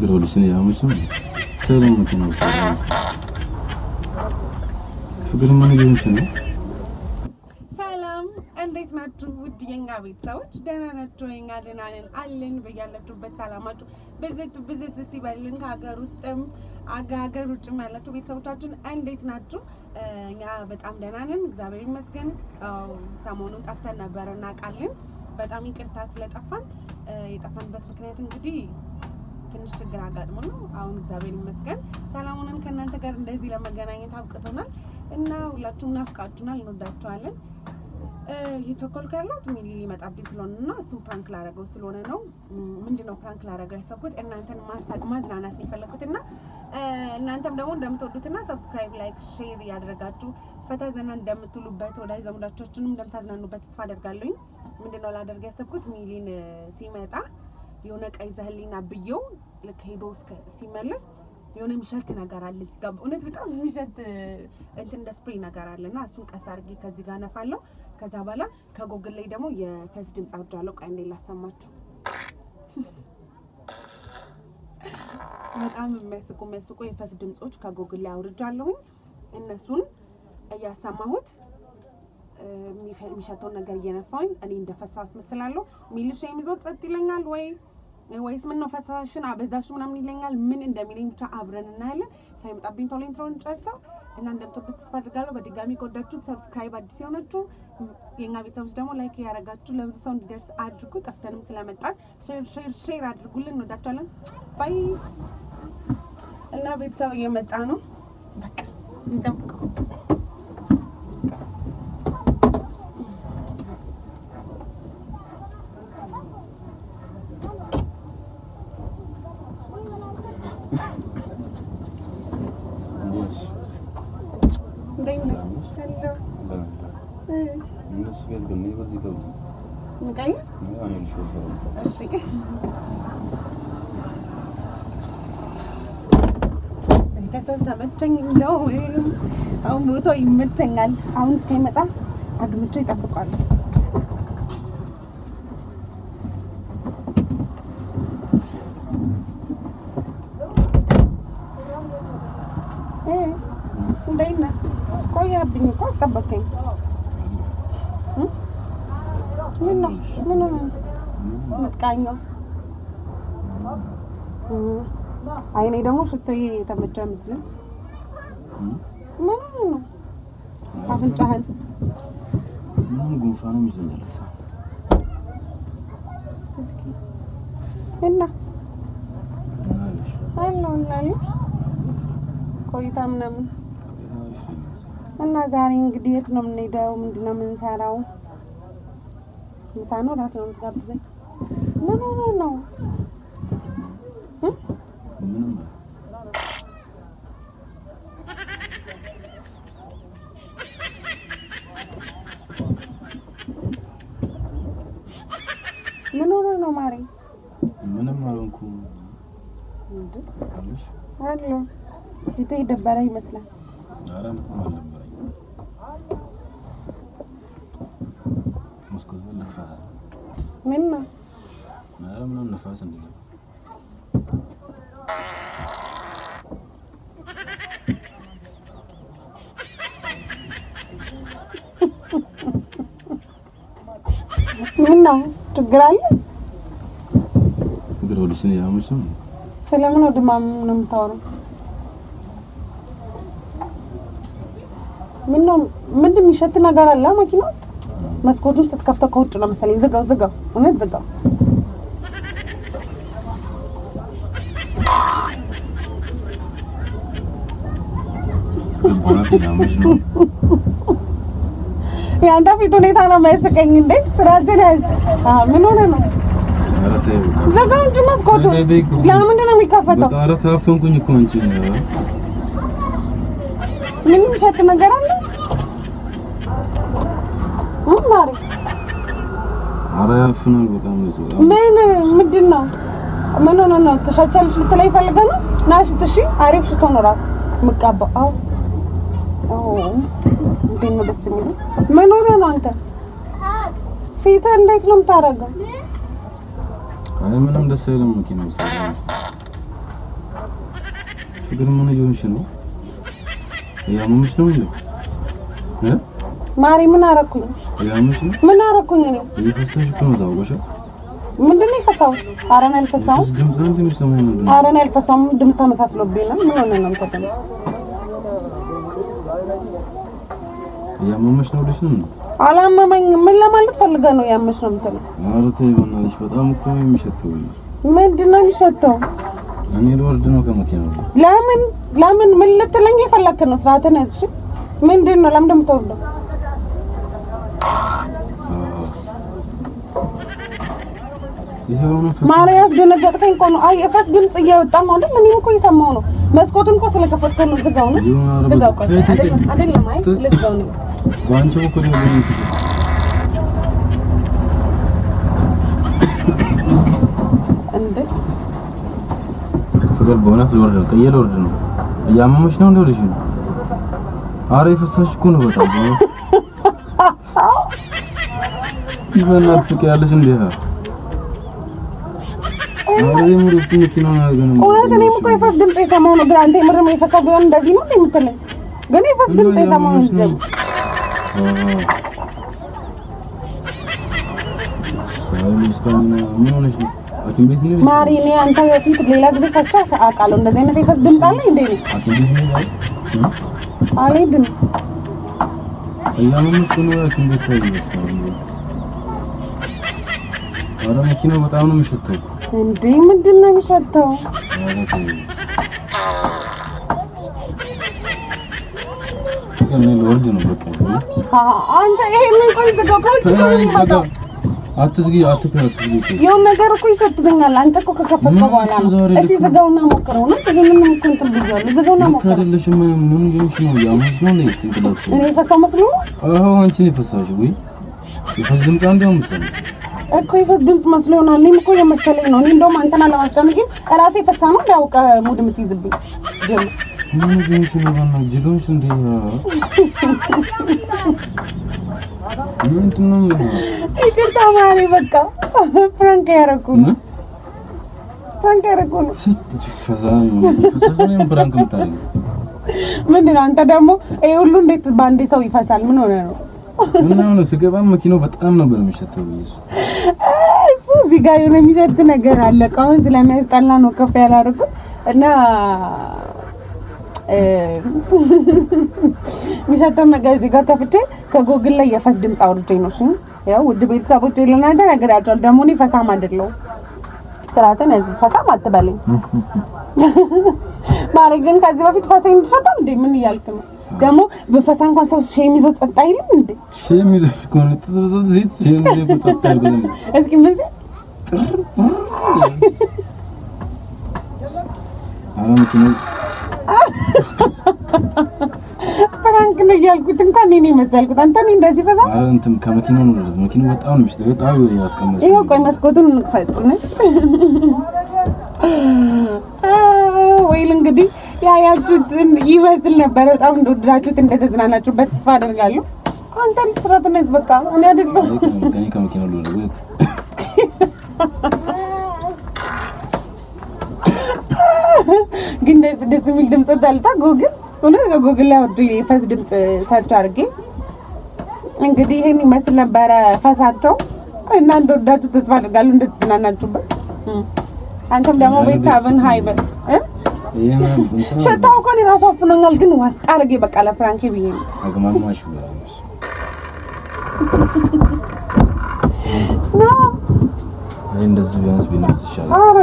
ግሮልስን ያመሰም ሰላም ነው። ፍቅር ምን ነው? ሰላም እንዴት ናችሁ? ውድ የኛ ቤተሰቦች ደህና ናችሁ? የኛ ደህና ነን አለን። በያላችሁበት ሰላማችሁ ብዝት ብዝት ይበልን። ከሀገር ውስጥም ሀገር ውጭም ያላችሁ ቤተሰቦቻችን እንዴት ናችሁ? እኛ በጣም ደህና ነን፣ እግዚአብሔር ይመስገን። ሰሞኑን ጠፍተን ነበር እናውቃለን። በጣም ይቅርታ ስለጠፋን የጠፋንበት ምክንያት እንግዲህ ትንሽ ችግር አጋጥሞ ነው። አሁን እግዚአብሔር ይመስገን ሰላሙንን ከእናንተ ጋር እንደዚህ ለመገናኘት አብቅቶናል እና ሁላችሁም ናፍቃችሁናል፣ እንወዳችኋለን። የቸኮል ያለሁት ሚሊ ሊመጣብኝ ስለሆነ እና እሱም ፕራንክ ላረገው ስለሆነ ነው። ምንድነው ፕራንክ ላረገው ያሰብኩት እናንተን ማዝናናት ነው እና እናንተም ደግሞ እንደምትወዱትና ሰብስክራይብ፣ ላይክ፣ ሼር እያደረጋችሁ ፈታ ዘና እንደምትሉበት ወዳጅ ዘመዶቻችሁንም እንደምታዝናኑበት ተስፋ አደርጋለሁኝ። ምንድነው ላደርግ ያሰብኩት ሚሊን ሲመጣ የሆነ ቀይ ዘህሊና ብየው ልክ ሄዶ ሲመለስ የሆነ የሚሸት ነገር አለ እዚህ ጋር እውነት በጣም የሚሸት እንትን እንደ ስፕሬ ነገር አለ እና እሱን ቀስ አድርጌ ከዚህ ጋር ነፋለሁ። ከዛ በኋላ ከጎግል ላይ ደግሞ የፈስ ድምፅ አውርጃለሁ። ቆይ እንዴ ላሰማችሁ። በጣም የሚያስቁ የሚያስቁ የፈስ ድምፆች ከጎግል ላይ አውርጃለሁኝ እነሱን እያሰማሁት የሚሸተውን ነገር እየነፋውኝ እኔ እንደ ፈሳሽ አስመስላለሁ። ሚልሽ የሚዞት ጸጥ ይለኛል ወይ ወይስ ምን ነው ፈሳሽን አበዛሽ ምናምን ይለኛል። ምን እንደሚለኝ ብቻ አብረን እናያለን። ሳይመጣብኝ ቶሎ ኢንትሮን ጨርሰው እና እንደምትወዱት ተስፋ አድርጋለሁ። በድጋሚ ከወዳችሁት ሰብስክራይብ፣ አዲስ የሆነችሁ የእኛ ቤተሰቦች ደግሞ ላይክ ያደረጋችሁ ለብዙ ሰው እንዲደርስ አድርጉ። ጠፍተንም ስለመጣን ሼር ሼር ሼር አድርጉልን። እንወዳችኋለን። ባይ እና ቤተሰብ እየመጣ ነው። በቃ እንጠብቀው። እነሱ ቤት ገመኝ በዚህ ገቡ እሺ ቤተሰብ ተመቸኝ። እንደው አሁን ቦታው ይመቸኛል። አሁን እስከሚመጣ አግምቼ ይጠብቋል። እንዴት ነህ? ቆያብኝ እኮ አስጠበቀኝ። ምነው ምንም ምትቃኘው? አይኔ ደግሞ ሽቶዬ የተመቸ ምስል? ምንም ነው። አፍንጫህን ጉንፋንም ይዞኛል እና አለሁ እላለሁ ቆይታ ምናምን እና ዛሬ እንግዲህ የት ነው የምንሄደው? ምንድን ነው የምንሰራው? ምሳ ነው እራት ነው የምትጋብዘኝ? ምን ነው ነው ምን ሆነ ነው ማሪ? ምንም አልሆንኩም። አለ ፊትህ የደበረ ይመስላል። ኧረ ምንም ምን ነው ምንም ንፋስ እንዲገባ ምን ነው ችግር አለ? ግን ወዲስን ያምስም ስለምን ወደ ነው የምታወራው? ምን ነው ምንድን የሚሸት ነገር አለ መኪና ውስጥ መስኮቱን ስትከፍተው ከውጭ ነው መሰለኝ። ዝጋው ዝጋው፣ እውነት ዝጋው። የአንተ ፊት ሁኔታ ነው የማይስቀኝ። እንደ ስራትን ያዝ። ምን ሆነ ነው? ዝጋው እንጂ መስኮቱን። ለምንድን ነው የሚከፈተው? ምንም ሸጥ ነገር አለ ምን ምንድን ነው? ምን ሆነ ነው? ትሻቻለሽ ልትለኝ ነው? ና አሪፍ ሽቶ ነው አዎ፣ እንዴት ነው ደስ የሚለው። ምን ሆነ ነው? አንተ ፊት እንዴት ነው የምታደርገው? ምንም ደስ አይልም። መኪና ውስጥ ፍቅር ምን እየሆንሽ ነው? ነው? ማሪ ምን አረኩኝ? ምን አረኩኝ? ነው እየፈሰሽ እኮ ነው ታውቆሽ። ምንድን ነው የፈሳው? ኧረ ነው ያልፈሳው። ኧረ ነው ያልፈሳው። ድምፅ ተመሳስሎብኝ ነው። ምን ሆነ ነው? ተጠም ያመመሽ ነው ልሽ ነው? አላመመኝም። ምን ለማለት ፈልጋ ነው? ያመሽ ነው የምትለው? ኧረ ተይ በእናትሽ፣ በጣም እኮ ነው የሚሸተው። ምንድን ነው የሚሸተው? እኔ ልወርድ ነው ከመኪናው። ለምን ለምን? ምን ልትለኝ የፈለክ ነው? ስርዓትን ያዝሽ። ምንድን ነው? ለምን እንደምትወርደው ማርያም ያስደነገጥከኝ እኮ ነው። አይ እፈስ ድምፅ እያወጣ ማለት እኔም እኮ እየሰማሁ ነው። መስኮቱን እኮ ስለከፈትኩ ነው። ዝጋው ነው ዝጋው። ቆይ አይደለም፣ አይ ልዝጋው ነው። ፍቅር በእውነት ልወርድ ነው። ጥዬ ልወርድ ነው። እያመመች ነው። እንደው ልጅ ነው። አረ የፈሳሽ እኮ ነው በጣም በእናትህ ስቀያለሽ እንዴ? እውነት እኔም እኮ የፈስ ድምፅ የሰማሁ ነው። ግን አንተ የምርም የፈሰው ቢሆን እንደዚህ ነው የምትለኝ? ግን የፈስ ድምፅ የሰማሁ ነው። ማሪ እኔ አንተ በፊት ሌላ ጊዜ ፈስቼ አውቃለሁ። እንደዚህ አይነት የፈስ ድምፅ አለ እንዴ? አልሄድም ኧረ መኪናው በጣም ነው የሚሸተው። እንዴ ምንድን ነው የሚሸተው? ልወርድ ነው በቃ። አንተ ይሄንን ቆይ አትዝጊ፣ ያው ነገር እኮ ይሸትተኛል። አንተ እኮ ከከፈትከው በኋላ እስኪ ዝጋውና ሞክረው ነው። ይሄንን እኮ እንትን ብያለሁ። ዝጋውና ሞክረው አይደለሽም። ምን ሆንሽ ነው? ያምሽ ነው ነው ትንቅላችሁ። እኔ ፈሳው መስሎ? አዎ አንቺ ነው የፈሳሽው ወይ? የፈስ ድምፅ እንዲያውም መስሎ እኮ ይፈስ ድምጽ መስሎ ይሆናል። እኔም እኮ የመሰለኝ ነው። እኔ እንደውም አንተና ለማስጠኑ ግን እራሴ ፈሳ ነው እንዳያውቅ ሙድ የምትይዝብኝ ይቅርታ ማሪ፣ በቃ ፍራንክ ያረኩ ነው። ፍራንክ ያረኩ ነው። ምንድን ነው አንተ ደግሞ ይሄ ሁሉ እንዴት በአንዴ ሰው ይፈሳል? ምን ሆነ ነው ምናምን ስገባ መኪናው በጣም ነበር የሚሸተው። እሱ እዚህ ጋር የሆነ የሚሸት ነገር አለ። እቃውን ስለሚያስጠላ ነው ከፍ ያላደርገው እና የሚሸተው ነገር እዚህ ጋር ከፍቼ ከጎግል ላይ የፈስ ድምፅ አውርጄ ነው። እሺ ያው ውድ ቤተሰቦች ለእናንተ ነግራቸዋለሁ። ደግሞ እኔ ፈሳም አይደለሁም። ስርዓትን እዚህ ፈሳም አትበለኝ ማለት ግን ከዚህ በፊት ፈሴ እንድሸጣል እንዴ? ምን እያልክ ነው? ደግሞ ብፈሳ እንኳን ሰው ሼም ይዞ ጸጥ አይልም እንዴ? ሼም ይዞ ከሆነ ዜት ሼም ይዞ ጸጥ አይልም። እስኪ ምን ዜ ፍራንክ ነው እያልኩት እንኳን እኔ መሰልኩት። አንተ እኔ እንደዚህ ፈሳ እንትን ከመኪናው ነው መኪናው በጣም ነው በጣም ያስቀመጠ። ይኸው ቆይ መስኮቱን እንክፈት ነው ወይ እንግዲህ ያያችሁት ይመስል ነበረ። በጣም እንደወደዳችሁት እንደተዝናናችሁበት ተስፋ አደርጋለሁ። አንተ ስራቱ ነህ። በቃ እኔ አይደለሁም። ግን ደስ ደስ የሚል ድምጽ እንዳልታ ጎግል እውነት ጎግል ላይ ወዱ የፈስ ድምጽ ሰርች አድርጌ እንግዲህ ይሄን ይመስል ነበረ ፈሳቸው እና እንደወዳችሁ ተስፋ አድርጋለሁ እንደተዝናናችሁበት አንተም ደግሞ ቤተሰብን ሀይበል ሽታው እኮ እራሱ አፍኖኛል፣ ግን ዋጣ አድርጌ በቃ ለፍራንኬ ብዬ ነው።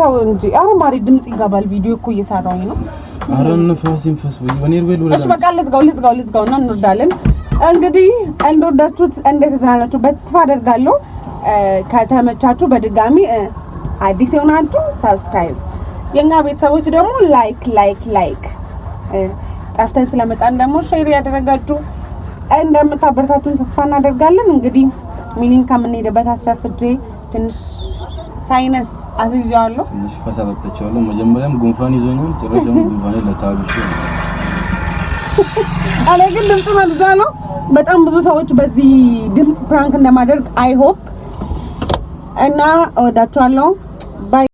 ተው እንጂ ኧረ ድምፅ ይገባል። ቪዲዮ እኮ እየሰራሁኝ ነው። ኧረ ንፋስ ይንፈስ ወይ ወኔ ወይ ወላ በቃ ልዝጋው ልዝጋው ልዝጋው እና እንወርዳለን። እንግዲህ እንደወዳችሁት እንደተዝናናችሁ በተስፋ አደርጋለሁ። ከተመቻችሁ በድጋሚ አዲስ የሆናችሁ ሰብስክራይብ የእኛ ቤተሰቦች ደግሞ ላይክ ላይክ ላይክ ጠፍተን ስለመጣን ደግሞ ሼር ያደረጋችሁ እንደምታበረታቱን ተስፋ እናደርጋለን። እንግዲህ ሚሊን ከምንሄድበት አስረፍጄ ትንሽ ሳይነስ አስይዤዋለሁ። ትንሽ ፈሳ ጠጥቼዋለሁ። መጀመሪያም ጉንፋን ይዞኝ ጭራሽ ጉንፋን ለታሉሽ አለ። ግን ድምጽ መልጃ ነው። በጣም ብዙ ሰዎች በዚህ ድምጽ ፕራንክ እንደማደርግ አይሆፕ እና እወዳችኋለሁ። ባይ